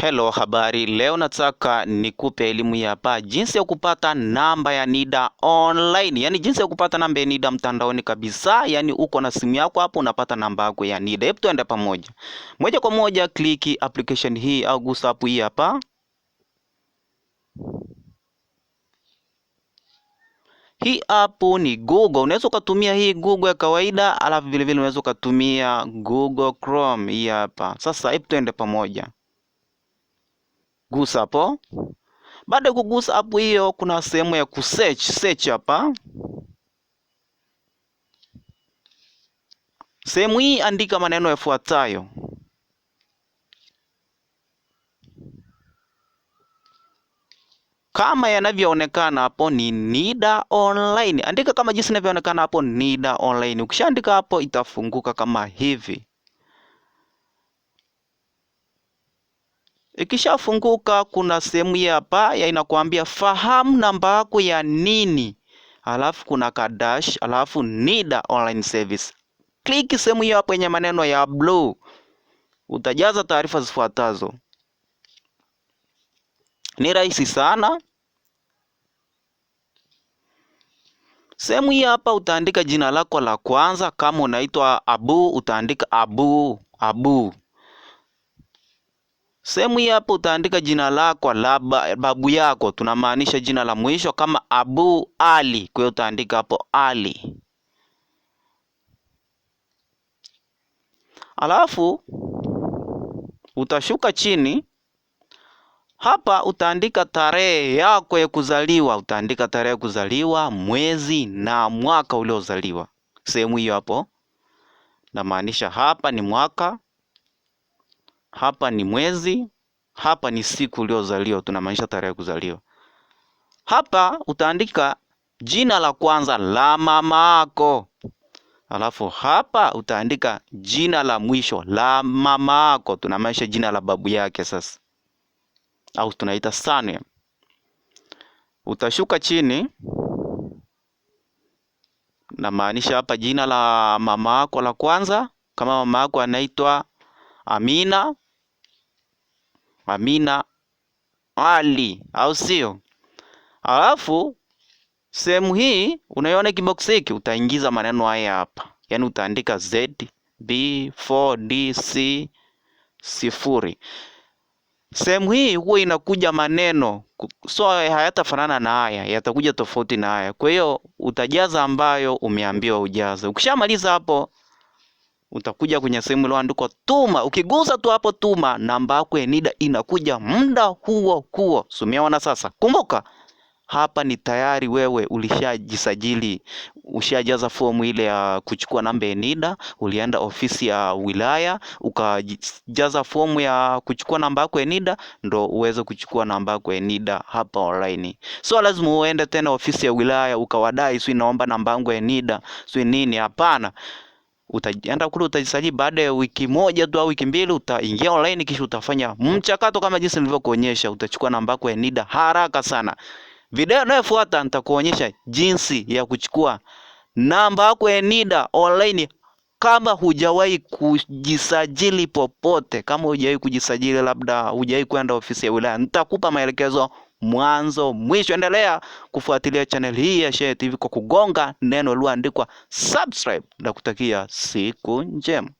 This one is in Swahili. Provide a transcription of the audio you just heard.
Hello, habari. Leo nataka nikupe elimu ya hapa jinsi ya kupata namba ya NIDA online, yaani jinsi ya kupata namba ya NIDA mtandaoni kabisa, yaani uko na simu yako hapo unapata namba yako ya NIDA. Hebu tuende pamoja moja kwa moja, kliki application hii au gusa hapo hii hapa. Hii hapo ni Google. Unaweza ukatumia hii Google ya kawaida, alafu vilevile unaweza ukatumia Google Chrome hii hapa. Sasa hebu tuende pamoja gusa hapo. Baada ya kugusa hapo hiyo, kuna sehemu ya kusearch search hapa. Sehemu hii andika maneno yafuatayo: kama yanavyoonekana hapo ni NIDA Online. Andika kama jinsi inavyoonekana hapo NIDA Online. Ukishaandika hapo itafunguka kama hivi. Ikishafunguka kuna sehemu ya ya inakuambia fahamu namba yako ya nini, alafu kuna kadash, alafu NIDA online service. Kliki sehemu hiyo hapo yenye maneno ya bluu, utajaza taarifa zifuatazo. Ni rahisi sana. Sehemu hii hapa utaandika jina lako la kwanza. Kama unaitwa Abu utaandika Abu Abu. Sehemu hii hapa utaandika jina lako la babu yako, tunamaanisha jina la mwisho kama Abu Ali, kwa hiyo utaandika hapo Ali. Alafu utashuka chini hapa, utaandika tarehe yako ya kuzaliwa, utaandika tarehe ya kuzaliwa, mwezi na mwaka uliozaliwa. Sehemu hiyo hapo, namaanisha hapa ni mwaka hapa ni mwezi, hapa ni siku uliozaliwa, tunamaanisha tarehe kuzaliwa. Hapa utaandika jina la kwanza la mama yako, alafu hapa utaandika jina la mwisho la mama yako, tunamaanisha jina la babu yake sasa, au tunaita sane. Utashuka chini maanisha hapa jina la mama yako la kwanza, kama mama yako anaitwa Amina Amina Ali, au sio? Alafu sehemu hii unaiona kibox hiki, utaingiza maneno haya hapa, yaani utaandika Z B 4 D C sifuri. Sehemu hii huwa inakuja maneno so hayatafanana na haya, yatakuja tofauti na haya. Kwa hiyo utajaza ambayo umeambiwa ujaze. Ukishamaliza hapo utakuja kwenye sehemu iliyoandikwa tuma. Ukigusa tu hapo tuma, namba yako ya NIDA inakuja muda huo huo. Sumia wana sasa. Kumbuka hapa ni tayari wewe ulishajisajili, ushajaza fomu ile ya kuchukua namba ya NIDA, ulienda ofisi ya wilaya ukajaza fomu ya kuchukua namba yako ya NIDA ndo uweze kuchukua namba yako ya NIDA hapa online. So lazima uende tena ofisi ya wilaya ukawadai, si naomba namba yangu ya NIDA, si nini? Hapana utaenda kule utajisajili, baada ya wiki moja tu au wiki mbili utaingia online, kisha utafanya mchakato kama jinsi nilivyokuonyesha. Utachukua namba yako ya NIDA haraka sana. Video inayofuata nitakuonyesha jinsi ya kuchukua namba yako ya NIDA online kama hujawahi kujisajili popote, kama hujawahi kujisajili, labda hujawahi kwenda ofisi ya wilaya, nitakupa maelekezo mwanzo mwisho. Endelea kufuatilia channel hii ya Shayia TV kwa kugonga neno lililoandikwa subscribe, na kutakia siku njema.